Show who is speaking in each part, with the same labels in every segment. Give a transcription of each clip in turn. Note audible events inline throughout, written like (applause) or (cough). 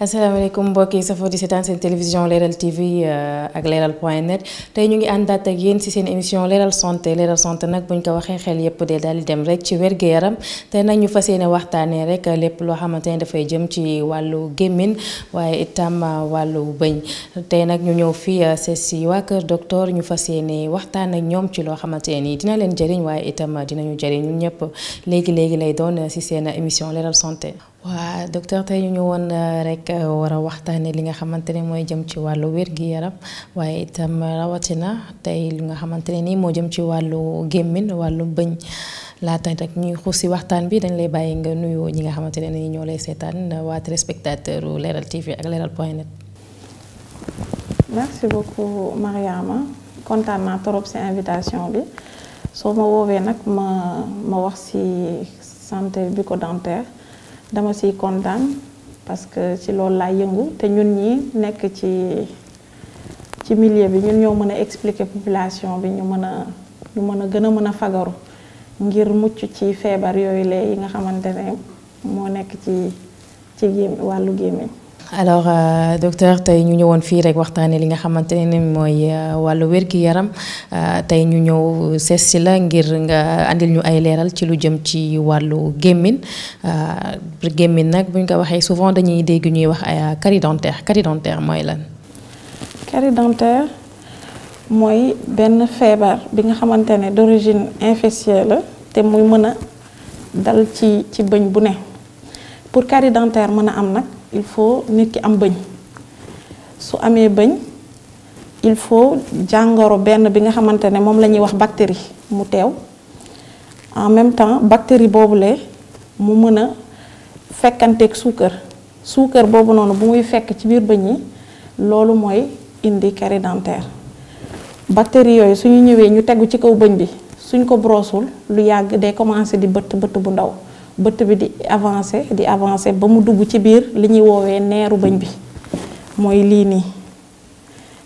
Speaker 1: asalaamaaleykum mbokk yi safoo di seetaan seen télévision Leral TV euh, ak Leral point net tey ñu ngi àndaat ak yéen ci seen émission Leral santé Leral santé nag buñ ko waxee xel yépp de daal di dem rek ci wérgu yaram tey nag ñu fas yéene waxtaanee rek lépp loo xamante ne dafay jëm ci wàllu gémmin waaye itam euh, wàllu bëñ tey nag ñu ñëw fii euh, sees si waa kër docteur ñu fas yéene waxtaan ak ñoom ci loo xamante ne dina leen jëriñ waaye itam dinañu jëriñ ñun ñëpp léegi léegi lay doon ci seen émission Leral santé. waa docteur tey ñu woon euh, rek euh, war a waxtaanee li nga xamante ne mooy jëm ci wàllu wér-gi-yaram waaye itam rawatina tey li nga xamante ne nii moo jëm ci wàllu gémmin wàllu bëñ laata rek ñuy xuus si waxtaan bi dañ lay bàyyi nga nuyoo ñi nga xamante ne nii ñoo lay seetaan waa téléspectateur u Leral TV ak Leral point net.
Speaker 2: merci beaucoup Mariama kontaan naa trop si invitation bi soo ma woowee nag ma ma wax si santé bucco-dentaire. dama siy kontaan parce que ci loolu laay yëngu te ñun ñi nekk ci ci milieu bi ñun ñoo mën a expliquer population bi ñu mën a ñu mën a gën a mën a fagaru ngir mucc ci feebar yooyu la yi nga xamante ne moo nekk ci ci gémmi wàllu gémmiñ
Speaker 1: alors euh, docteur tey ñu ñëwoon fii rek waxtaanee li nga xamante ne mooy euh, wàllu wér-gi-yaram euh, tey ñu ñëw sees si la ngir nga àndil ñu ay leeral ci lu jëm ci wàllu gémmin gémmin nag buñ ko waxee souvent dañuy dégg ñuy wax ay carie dentaire mooy lan.
Speaker 2: benn feebar bi nga xamante ne d'origine infectieuse la te muy mën a dal ci ci bëñ bu ne pour caridentaire mën a am nag. il faut nit ki am bëñ su amee bëñ il faut jàngoro benn bi nga xamante ne moom la ñuy wax bactérie mu teew en même temps bactérie boobule mu mën a fekkanteeg suukar suukar boobu noonu bu muy fekk ci biir bëñ yi loolu mooy indi carie dentaire bactéries yooyu suñu ñëwee ñu tegu ci kaw bëñ bi suñ ko brosul lu yàgg day commencé di bëtt bëtt bu ndaw bëtt bi di avancé di avancé ba mu dugg ci biir li ñuy woowee neeru bëñ bi mooy lii nii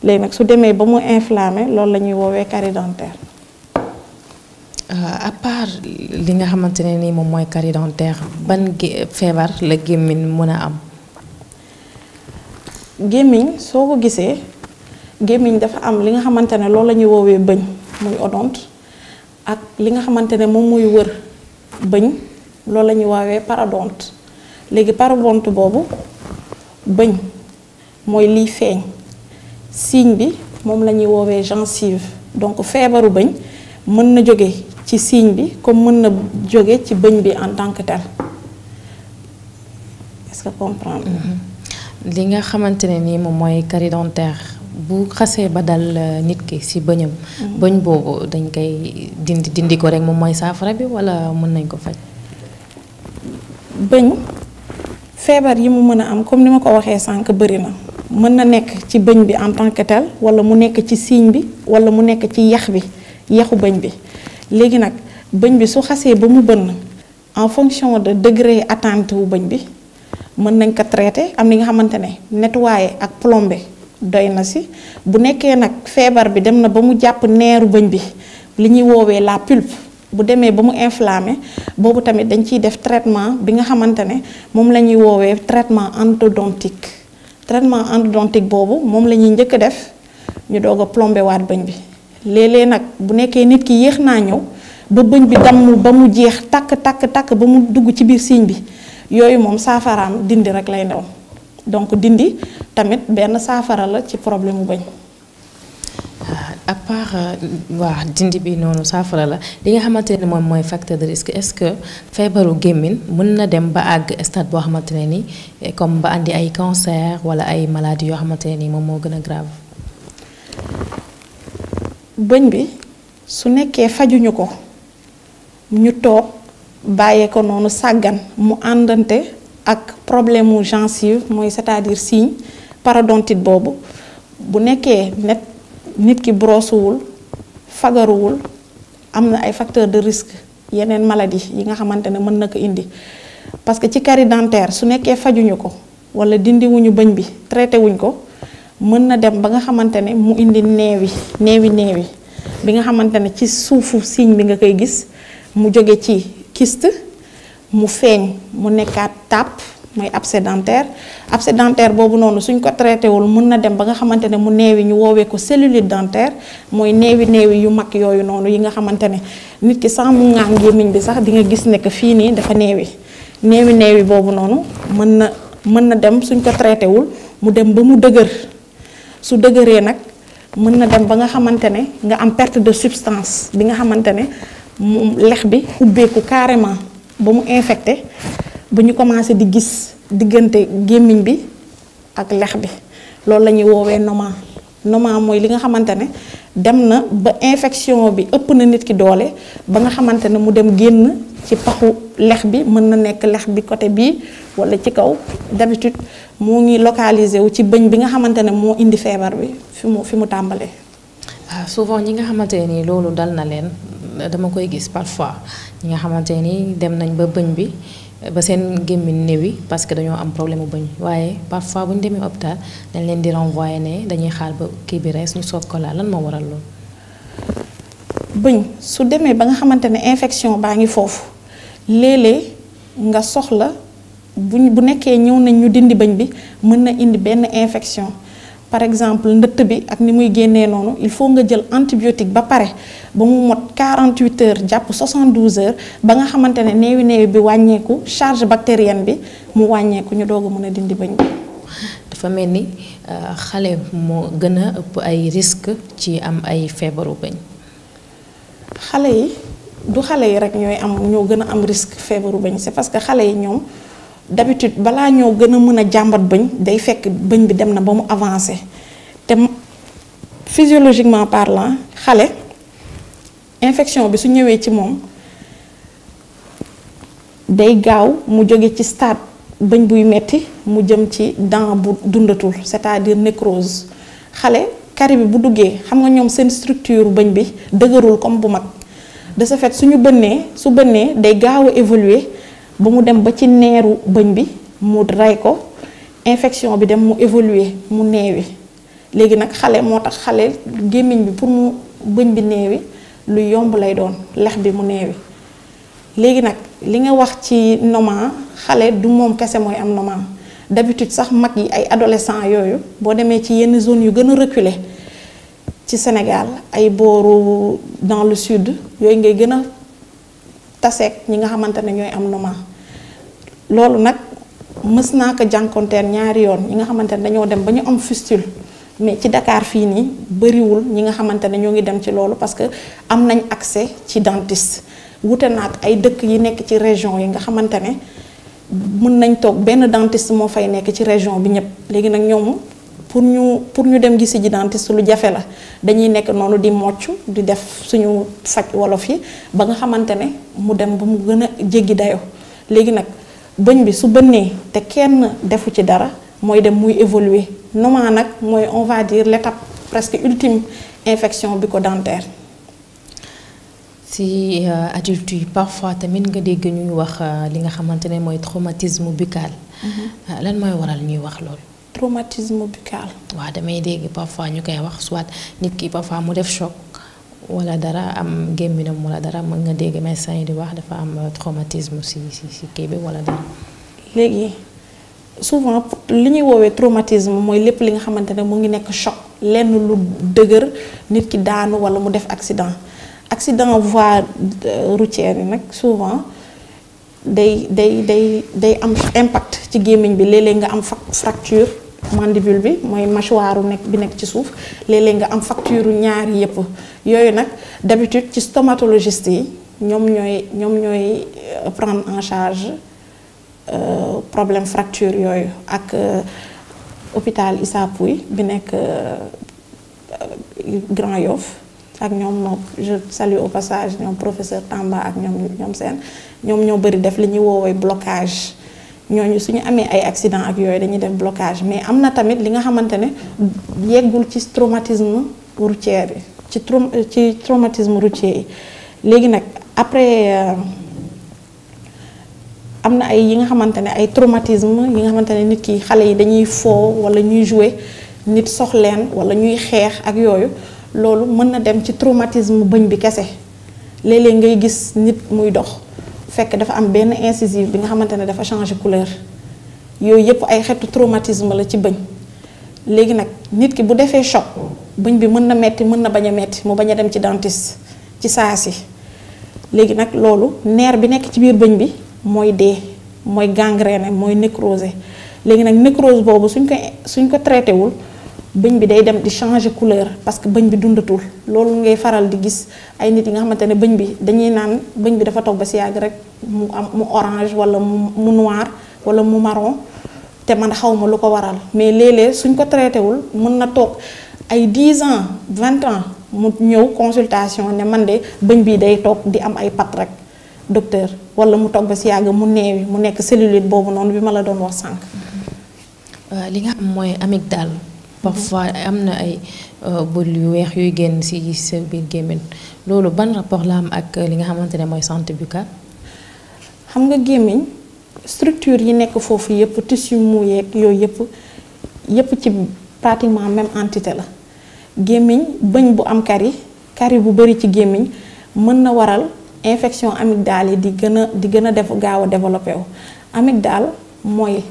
Speaker 2: léegi nag su demee ba mu inflammé loolu la ñuy woowee carie dentaire.
Speaker 1: Euh, à li nga xamante ne nii moom mooy carie dentaire ban feebar la gémmiñ mën a am.
Speaker 2: gémmiñ soo ko gisee gémmiñ dafa am li nga xamante ne loolu la ñuy woowee bëñ muy odonte ak li nga xamante ne moom mooy wër bëñ. loolu la ñuy woowee parodonte léegi parodonte boobu bëñ mooy liy feeñ signe bi moom la ñuy woowee gencive donc feebaru bëñ mën na jóge ci signe bi comme mën na jóge ci bëñ bi en tant que tel
Speaker 1: est-ce mm-hmm. li nga xamante ne nii moom mooy carie bu xasee ba dal euh, nit ki ci bëñam. Mm-hmm. bëñ boobu dañ koy dindi dindi ko rek moom mooy saafara bi walla mën nañ ko faj.
Speaker 2: bëñ feebar yi mu mën a am comme ni ma ko waxee sànq bëri na mën na nekk ci bëñ bi en tant que tel wala mu nekk ci siiñ bi wala mu nekk ci yax bi yaxu bëñ bi léegi nag bëñ bi su xasee ba mu bënn en fonction de degré attente wu bëñ bi mën nañ ko traité am li nga xamante ne nettoyé ak plombé doy na si bu nekkee nag feebar bi dem na ba mu jàpp neeru bëñ bi li ñuy woowee la pulpe bu demee ba mu inflammé boobu tamit dañ ciy def traitement bi nga xamante ne moom la ñuy woowee traitement endodontique traitement endodontique boobu moom la ñuy njëkk def ñu doog a plombé waat bëñ bi léeg nag bu nekkee nit ki yéex naa ñëw ba bëñ bi damm ba mu jeex takk takk takk ba mu dugg ci biir siiñ bi yooyu moom saafaraam dindi rek lay ndaw donc dindi tamit benn saafara la ci problème mu bëñ.
Speaker 1: à part euh, waa dindi bi noonu saafara la li nga xamante ne moom mooy facteur de risque est-ce que feebaru gémmin mën na dem ba àgg stade boo xamante ne ni comme ba àndi ay cancer walla ay maladies yoo xamante ne ni moom moo gën a grave. bëñ bi su nekkee fajuñu ko
Speaker 2: ñu toog bàyyee ko noonu sàggan mu àndante ak problème mu gencive mooy c'est-à-dire signe parodontite boobu bu nekkee net nit ki brossuwul fagaruwul am na ay facteur de risque yeneen maladie yi nga xamante ne mën na ko indi parce que ci carie dentaire su nekkee fajuñu ko wala dindiwuñu bëñ bi traité wuñ ko mën na dem ba nga xamante ne mu indi neewi neewi neewi bi nga xamante ne ci suufu signe bi nga koy gis mu jóge ci kist mu feeñ mu nekkaat tàpp mooy abcès dentaire abcès dentaire boobu noonu suñ ko traité wul mën na dem ba nga xamante ne mu néewi ñu woowee ko cellulite dentaire mooy néewi néewi yu mag yooyu noonu yi nga xamante ne nit ki sans mu ŋaan gémmiñ bi sax di nga gis ne que fii nii dafa néewi néewi néewi boobu noonu mën na mën na dem suñ ko traité wul mu dem ba mu dëgër su dëgëree nag mën na dem ba nga xamante ne nga am perte de substance bi nga xamante ne mu lex bi ubbeeku carrément ba mu infecté bu ñu commencé di gis diggante gémmiñ bi ak lex bi loolu la ñuy woowee noma noma mooy li nga xamante ne dem na ba infection bi ëpp na nit ki doole ba nga xamante ne mu dem génn ci paxu lex bi mën na nekk lex bi côté bii wala ci kaw d'habitude moo ngi localisé wu ci bëñ bi nga xamante ne moo indi feebar bi fi mu fi
Speaker 1: mu tàmbalee. Ah, souvent ñi nga xamante nii loolu dal na leen dama koy gis parfois ñi nga xamante nii dem nañ ba bëñ bi. ba seen gémmiñ néewi parce que dañoo am problème bu bañ waaye parfois bu ñu demee hôpital dañ leen di renvoyer ne dañuy xaar ba kii bi rees ñu soog ko laal lan moo waral loolu.
Speaker 2: bëñ su demee ba nga xamante ne infection baa ngi foofu léeg-léeg nga soxla bu bu nekkee ñëw nañ ñu dindi bëñ bi mën na indi benn infection. par exemple ndëtt bi ak ni muy génnee noonu il faut nga jël antibiotique ba pare ba mu mot 48 heures jàpp 72 heures ba nga xamante ne néewi néewi bi wàññeeku charge bactérienne bi mu wàññeeku
Speaker 1: ñu doog a mën a dindi bëñ dafa mel ni euh, xale moo gën a ëpp ay risques ci am ay feebaru bëñ. xale
Speaker 2: yi du xale yi rek ñooy am ñoo gën a am risque feebaru bëñ c'est parce que xale yi ñoom. d'habitude balaa ñoo gën a mën a jàmbat bëñ day fekk bëñ bi dem na ba mu avancé te physiologiquement parlant xale infection bi su ñëwee ci moom day gaaw mu jóge ci stade bëñ buy metti mu jëm ci dent bu dundatul c'est-à-dire nécrose xale carie bi bu duggee xam nga ñoom seen structure bëñ bi dëgërul comme bu mag de ce fait suñu bënnee su bënnee day gaaw évoluer ba mu dem ba ci neeru bëñ bi mu rey ko infection bi dem mu évoluer mu neewi léegi nag xale moo tax xale gémmiñ bi pour mu bëñ bi neewi lu yomb lay doon lex bi mu neewi léegi nag li nga wax ci noma xale du moom kese mooy am noma d'habitude sax mag yi ay adolescent yooyu boo demee ci yenn zone yu gën a reculé ci Sénégal ay booru dans le sud yooyu ngay gën a taseeg ñi nga xamante ne ñooy am noma loolu nag mës naa ko jànkonteel ñaari yoon ñi nga xamante ne dañoo dem ba ñu am fistule mais ci Dakar fii nii bëriwul ñi nga xamante ne ñoo ngi dem ci loolu parce que am nañ accès ci dentiste wute naag ay dëkk yi nekk ci région yi nga xamante ne mën nañ toog benn dentiste moo fay nekk ci région bi ñëpp léegi nag ñoom pour ñu pour ñu dem gisi ji dentiste lu jafe la dañuy nekk noonu di mocc di def suñu faj wolof yi ba nga xamante ne mu dem ba mu gën a jéggi dayoo léegi nag. bëñ bi su bënnee te kenn defu ci dara mooy dem muy évoluer noma nag mooy on va dire l'étape presque ultime infection bi bucco-dentaire
Speaker 1: si euh, adulte yi parfois tamit nga dégg ñuy wax euh, li nga xamante ne mooy traumatisme buccal mhm. euh, lan mooy waral ñuy wax loolu traumatisme buccal waaw damay dégg parfois ñu koy wax soit nit ki parfois mu def choc wala dara am gémminam wala dara mën nga dégg médecin yi di wax dafa am traumatisme si si si kii bi wala dara. léegi
Speaker 2: souvent li ñuy woowee traumatisme mooy lépp li nga xamante ne mu ngi nekk choc lenn lu dëgër nit ki daanu wala mu def accident accident voie euh, routière yi nag souvent. day day day day am impact ci gémmiñ bi léeg nga am fracture mandibule bi mooy mâchoire nekk bi nekk ci suuf léeg nga am facture ñaari yëpp yooyu nag d'habitude ci stomatologiste yi ñoom ñooy ñoom ñooy euh, prendre en charge euh, problème fracture yooyu ak euh, hôpital Issa Pouye bi nekk Grand Yoff ak ñoom je salue au passage ñoom professeur Tamba ak ñoom ñoom seen ñoom ñoo bëri def li ñuy woowee blocage ñooñu suñu amee ay accident ak yooyu dañuy def blocage mais am na tamit li nga xamante ne yeggul ci traumatisme routier bi ci trau ci traumatisme routier yi léegi nag après euh, am na ay yi nga xamante ne ay traumatisme yi nga xamante ne nit ki xale yi dañuy foo wala ñuy jouer nit soxleen wala ñuy xeex ak yooyu loolu mën na dem ci traumatisme bëñ bi kese léeg-léeg ngay gis nit muy dox fekk dafa am benn incisive bi nga xamante ne dafa changer couleur yooyu yëpp ay xeetu traumatisme la ci bëñ léegi nag nit ki bu defee choc bëñ bi mën na metti mën na bañ a metti mu bañ a dem ci dentiste ci saa si léegi nag loolu neer bi nekk ci biir bëñ bi mooy dee mooy gangrène mooy nécrosé léegi nag nécrose boobu suñ ko suñ ko traité wul. bëñ bi day dem di changer couleur parce que bëñ bi dundatul loolu ngay faral di gis ay nit yi nga xamante ne bëñ bi dañuy naan bëñ bi dafa toog ba si yàgg rek mu am mu orange wala mu noir wala mu marron te man xaw ma lu ko waral mais léeg-léeg suñ ko traité wul mën na toog ay 10 ans 20 ans mu ñëw consultation ne man de bëñ bii day toog di am ay pat rek docteur wala mu toog ba si yàgg mu neewi mu nekk cellulite boobu noonu bi ma la doon wax sànq.
Speaker 1: Euh, li nga xam mooy amygdale parfois am na ay euh, bël yu weex yuy génn ci sa biir gémmiñ loolu ban rapport la am ak euh, li nga xamante ne mooy santé buccale
Speaker 2: xam nga gémmiñ
Speaker 1: structure yi nekk foofu yépp tissu
Speaker 2: mu yeeg yooyu yépp yépp ci pratiquement même entité la gémmiñ bëñ bu am kari kari bu bari ci gémmiñ mën na waral infection amygdale yi di gën a di gën a def gaaw a développé wu amygdale mooy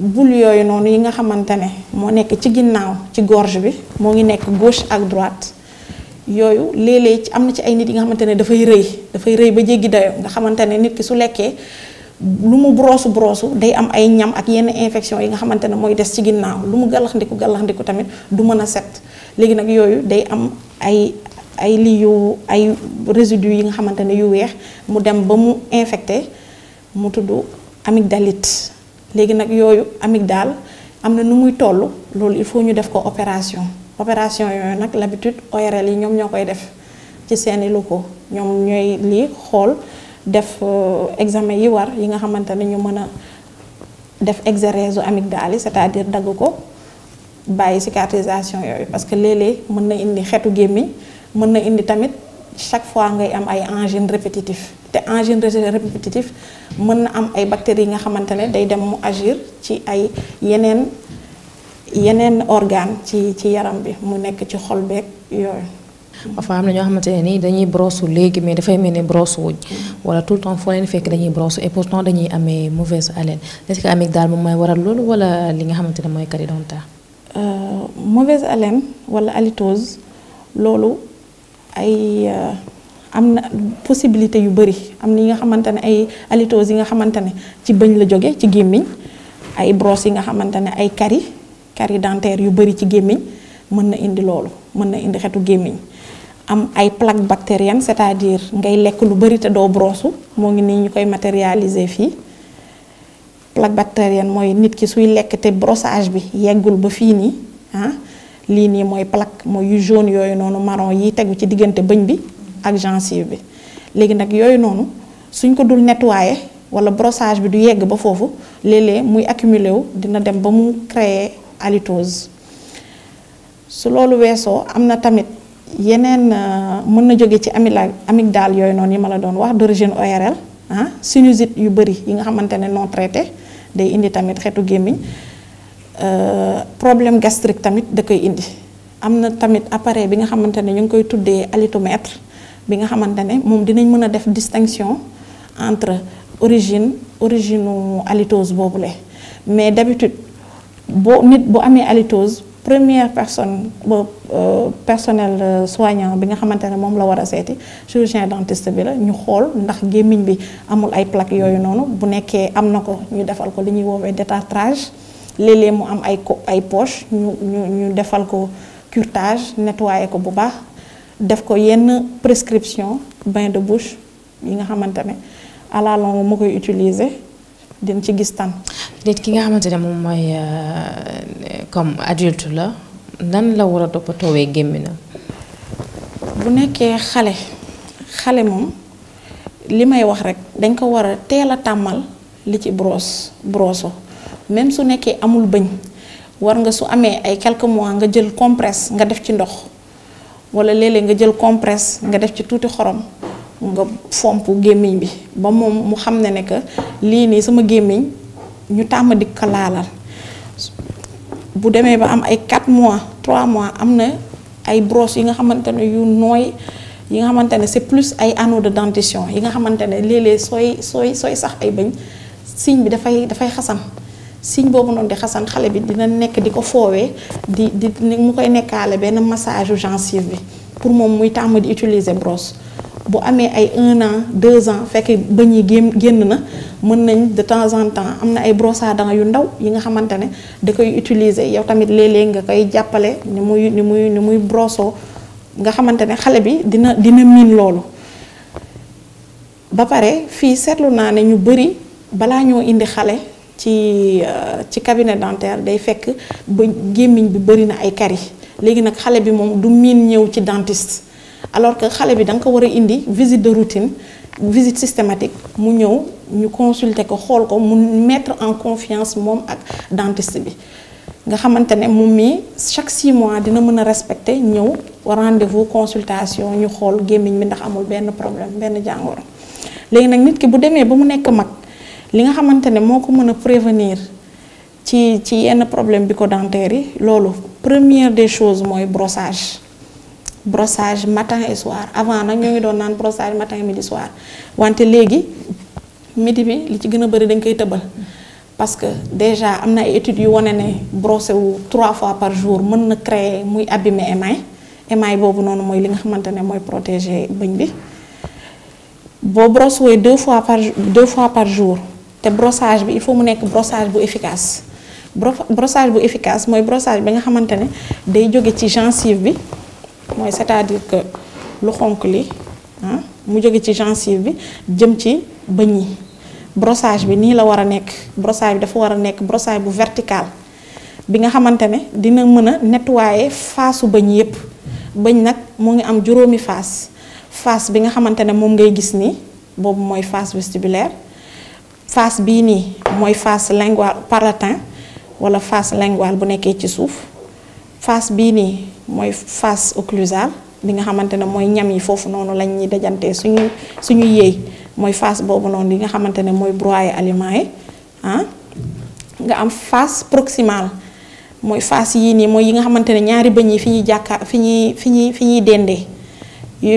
Speaker 2: bul yooyu noonu yi nga xamante ne moo nekk ci ginnaaw ci gorge bi moo ngi nekk gauche ak droite yooyu léeg-léeg ci am na ci ay nit yi nga xamante ne dafay rëy dafay rëy ba jéggi dayo nga xamante ne nit ki su lekkee lu mu brosu brosu day am ay ñam ak yenn infection yi nga xamante ne mooy des ci ginnaaw lu mu gallaxndiku gallaxndiku tamit du mën a set léegi nag yooyu day am ay ay lii yu ay résidu yi nga xamante ne yu weex mu dem ba mu infecté mu tudd amygdalite léegi nag yooyu daal am na nu muy toll loolu il faut ñu def ko opération opération yooyu nag l'habitude ORL yi ñoom ñoo koy def ci seeni locaux ñoom ñooy lii xool def euh, examen yi war yi nga xamante ne ñu mën a def exéresu amygdale yi c'est-à-dire daggu ko bàyyi cicatrisation yooyu parce que léeg-léeg mën na indi xetu gémmiñ mën na indi tamit chaque fois ngay am ay angine répétitif te angine répétitif mën na am ay bactéries yi nga xamante ne day dem mu agir ci ay yeneen yeneen organe ci ci yaram bi mu nekk ci xol beeg
Speaker 1: yooyu. parfois am na ñoo xamante ne nii dañuy brosse léegi mais dafay mel ni brosse wuñ wala tout le temps foo leen fekk dañuy brosse et pourtant dañuy amee mauvaise haleine est-ce que amygdale moom mooy waral loolu wala li nga xamante ne mooy cardiodonta. Euh, mauvaise
Speaker 2: haleine wala halitose loolu ay. Euh, am na possibilité yu bëri am na yi nga xamante ne ay halitose yi nga xamante ne ci bëñ la jóge ci gémmiñ ay brosse yi nga xamante ne ay carie carie yu bëri ci gémmiñ mën na indi loolu mën na indi xetu gémmiñ am ay plaque bactérienne c'est-à-dire ngay lekk lu bëri te doo brosu moo ngi nii ñu koy matérialiser fii plaque bactérienne mooy nit ki suy lekk te brossage bi yeggul ba fii nii ah lii nii mooy plaque mooy yu jaune yooyu noonu marron yi tegu ci diggante bëñ bi ak gencive bi léegi nag yooyu noonu suñ ko dul nettoyer wala brossage bi du yegg ba foofu léeg-léeg muy accumulé wu dina dem ba mu créer halitose su loolu weesoo am na tamit yeneen euh, mën na jóge ci daal yooyu noonu yi ma la doon wax d'origine ORL ah sinusite yu bëri yi nga xamante ne non traité day indi tamit xeetu gémmiñ euh, problème gastrique tamit da koy indi am na tamit appareil bi nga xamante ne ñu ngi koy tuddee halitomètre bi nga xamante ne moom dinañ mën a def distinction entre origine origine boobu boobule mais d'habitude boo nit bu amee halitose première personne ba euh, personnel euh, soignant bi nga xamante ne moom la war a seeti chirurgien dentiste bi la ñu xool ndax gémmiñ bi amul ay plaque yooyu noonu bu nekkee am na ko ñu defal ko li ñuy woowee détartrage léeg mu am ay ay poche ñu ñu ñu defal ko curetage nettoyé ko bu baax def ko yenn prescription bain de bouche yi nga xamante ne à ma koy utiliser din ci gis tan
Speaker 1: nit ki nga xamante ne moom mooy euh, comme adulte la nan la war a toppatoowee gémminam bu nekkee xale xale
Speaker 2: moom li may wax rek dañ ko war a teel a tàmmal li ci brosse broso même su nekkee amul bëñ war nga su amee ay quelques mois nga jël compresse nga def ci ndox wala léeg nga jël compresse nga def ci tuuti xorom nga fomp gémmiñ bi ba moom mu xam ne ne que lii nii sama gémmiñ ñu tàmm di ko laalal bu demee ba am ay 4 mois trois mois am na ay brosse yi nga xamante ne yu nooy yi nga xamante ne c'est plus ay anneaux de dentition yi nga xamante ne léeg sooy sooy sooy sax ay bëñ signe bi dafay dafay xasam signe boobu noonu di xasan xale bi dina nekk di ko foowee di di mu koy nekkaale benn massage gencive bi pour moom muy tàmm di utiliser brosse bu amee ay un an deux ans fekk bëñ yi génn na mën nañ de temps en temps am na ay brosse à yu ndaw yi nga xamante ne da koy utiliser yow tamit léeg-léeg nga koy jàppale ni muy ni muy ni nga xamante ne xale bi dina dina miin loolu ba pare fii seetlu naa ne ñu bëri balaa ñoo indi xale ci euh, ci cabinet dentaire day fekk ba gémmiñ bi bëri na ay kari léegi nag xale bi moom du miin ñëw ci dentiste alors que xale bi da nga ko war a indi visite de routine visite systématique mu ñëw ñu consulter ko xool ko mu mettre en confiance moom ak dentiste bi nga xamante ne moom mii chaque six mois dina mën a respecter ñëw rendez-vous consultation ñu xool gémmiñ bi ndax amul benn problème benn jàngoro léegi nag nit ki bu demee ba mu nekk mag. li nga xamante ne moo ko mën a prévenir ci ci yenn problème bi ko dentaire yi loolu première de chose mooy brossage brossage matin et soir avant nag ñoo ngi doon naan brossage matin midi soir wante léegi midi bi li ci gën a bëri dañ koy tëbal parce que déjà am na ay études yu wane ne brossé wu trois fois par jour mën na créer muy abîmer émail émail boobu noonu mooy li nga xamante ne mooy protéger bëñ bi boo brossé deux fois par deux fois par jour te brossage bi il faut mu nekk brossage bu efficace brossage bu efficace mooy brossage bi nga xamante ne day jóge ci gencive bi mooy c'est-à-dire que lu xonk li ah, mu jóge ci gencive bi jëm ci bëñ yi brossage bi nii la war a nekk brossage bi dafa war a nekk brossage bu vertical bi nga xamante ne dina mën a nettoyer faasu bëñ yépp bëñ nag mu ngi am juróomi faas faas bi nga xamante ne moom ngay gis nii boobu mooy faas vestibulaire face bii nii mooy fas linguale palatin wala fas linguale bu nekkee ci suuf face bii nii mooy face occlusale bi nga xamante ne mooy ñam yi foofu noonu lañ ñuy dajantee suñu suñu yéey mooy face boobu noonu yi nga xamante ne mooy broyer aliments yi ah. nga am fas proximale mooy face yii nii mooy yi nga xamante ne ñaari bëñ yi fi ñuy jàkkaar fi ñuy fi ñuy fi ñuy dendee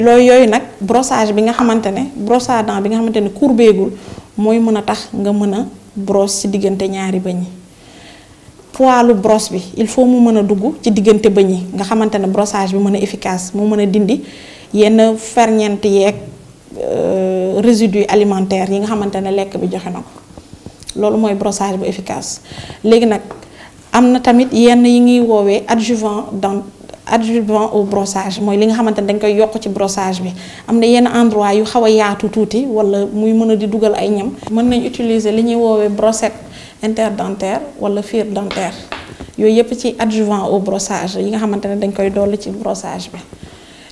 Speaker 2: loolu yooyu nag brossage bi nga xamante ne brosse bi nga xamante ne courbeegul mooy mën a tax nga mën a brosse ci diggante ñaari bëñ yi poilu brosse bi il faut mu mën a dugg ci diggante bëñ yi nga xamante ne brossage bi mën a efficace mu mën a dindi yenn ferñeent yeeg euh, résidus alimentaire yi nga xamante ne lekk bi joxe na ko loolu mooy brossage bu efficace léegi nag am na tamit yenn yi ngiy woowee adjuvant dent adjuvant au brossage mooy li nga xamante ne dañ koy yokk ci brossage bi am na yenn endroit yu xaw a yaatu tuuti wala muy mën a di dugal ay ñam. mën nañ utiliser li ñuy woowee brossette interdentaire wala fir dentaire yooyu yëpp ci adjuvant au brossage yi nga xamante ne dañ koy dolli ci brossage bi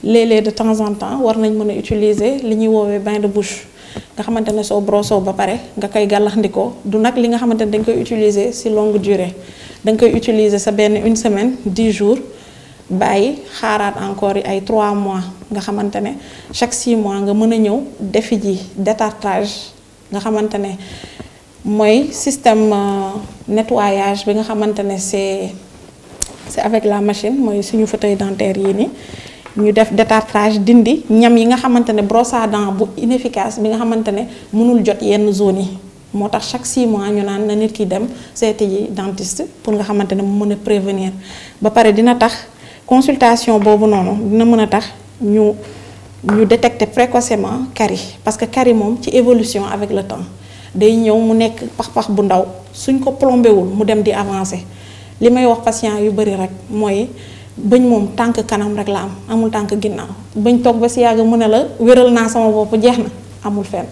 Speaker 2: léeg de temps en temps war nañ mën a utiliser li ñuy woowee bain bouche. nga xamante ne soo broso ba pare nga koy gàllaxndikoo du nag li nga xamante ne dañ koy utiliser ci longue durée dañ koy utiliser sa benn une semaine dix jours. ay xaaraat encore yi ay trois mois nga xamante ne chaque 6 mois nga mën a ñëw defiji ji détartrage nga xamante ne mooy système euh, nettoyage bi nga xamante ne c'est c'est avec la machine mooy suñu fauteuil dentaire yii nii ñu def détartrage dindi ñam yi nga xamante ne brosse bu inefficace bi nga xamante ne mënul jot yenn zones yi moo tax chaque 6 mois ñu naan na nit ki dem seeti ji dentiste pour nga xamante ne mu mën a prévenir ba pare dina tax. consultation boobu noonu dina mën a tax ñu ñu détecter précocement carie parce que carie moom ci évolution avec le temps day ñëw mu nekk pax-pax bu ndaw suñ ko plombé wul mu dem di avancé li may wax patient yu bëri rek mooy bëñ moom tànk kanam rek la am amul tànk ginnaaw bëñ toog ba si yàgg mu ne la wéral naa sama bopp jeex na amul fen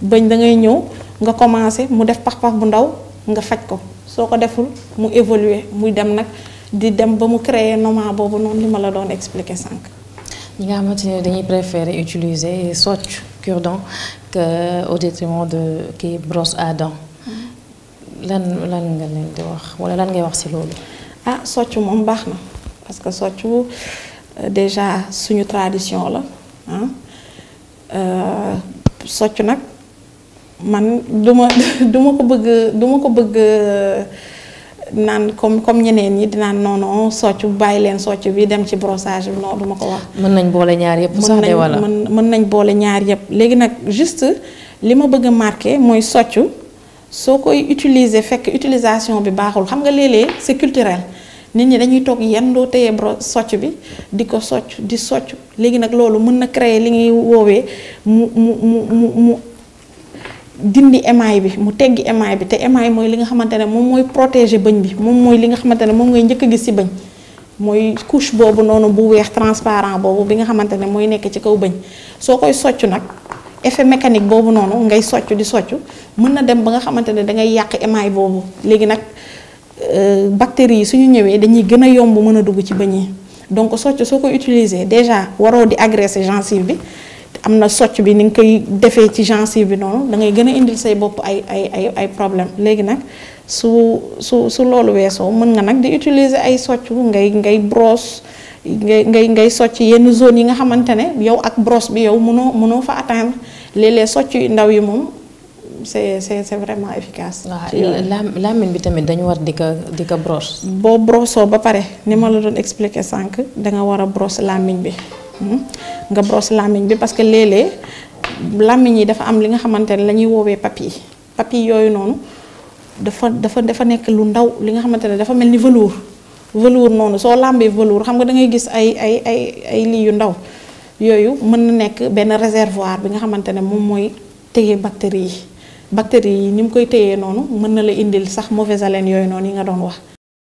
Speaker 2: bëñ da ngay ñëw nga commencé mu def pax-pax bu ndaw nga faj ko soo ko deful mu évoluer muy dem nag di dem ba mu créer noma boobu noonu li ma la doon expliquer sànq.
Speaker 1: ñi nga xamante ne dañuy préférer utiliser socc cure-dent que au détriment de kii brosse à dents. lan lan nga leen di wax wala lan ngay wax ci loolu. ah socc moom baax na parce que socc
Speaker 2: euh, déjà suñu tradition la ah euh, socc nag man duma (laughs) duma ko bëgg duma ko bëgg. naan comme comme ñeneen ñi dinaan noonu socc bàyyi leen socc bi dem ci brossage bi non du ma ko wax. mën nañ boole ñaar yëpp. sax de wala mën mën nañ boole ñaar yëpp léegi nag juste li ma bëgg a marqué mooy socc soo koy utiliser fekk utilisation bi baaxul xam nga léeg-léeg c'est culturel. nit ñi dañuy toog yendoo téye bro socc bi di ko socc di socc léegi nag loolu mën na créer li ngay woowee mu mu mu mu dindi émail bi mu teggi émail bi te émail mooy li nga xamante ne moom mooy protéger bëñ bi moom mooy li nga xamante ne moom ngay njëkk gis ci bëñ mooy couche boobu noonu bu weex transparent boobu bi nga xamante ne mooy nekk ci kaw bëñ soo koy soccu nag effet mécanique boobu noonu ngay soccu di soccu mën na dem ba nga xamante ne dangay yàq émail boobu léegi nag euh, bactéries yi suñu ñëwee dañuy gën a yomb mën a dugg ci bëñ yi donc soccu soo koy utiliser déjà waroo di agresser gencive bi am na socc bi ni nga koy defee ci gencive bi noonu da gën a indil say bopp ay ay ay problème léegi nag su su su loolu weesoo mën nga nag di utiliser ay socc ngay ngay brosse ngay ngay ngay socc yenn zone yi nga xamante ne yow ak brosse bi yow mënoo mënoo fa atteindre léeg-léeg socc yu ndaw yi moom c'est c'est c'est vraiment efficace. waaw
Speaker 1: làmmiñ bi tamit dañu war di ko di ko brosse. boo brossoo ba pare ni ma la doon expliquer sànq
Speaker 2: danga war a brosse làmmiñ bi. Hmm? nga brosse làmmiñ bi parce que léeg làmmiñ yi dafa am li nga xamante ne la ñuy woowee papilles papilles yooyu noonu dafa dafa dafa nekk lu ndaw li nga xamante ne dafa mel ni velours velours noonu soo làmbee velours xam nga dangay gis ay ay ay ay lii yu ndaw yooyu mën na nekk benn réservoir bi nga xamante ne moom mooy tegee bactéries yi bactéries yi ni mu koy téyee noonu mën na la indil sax mauvaise haleine yooyu noonu yi nga doon wax.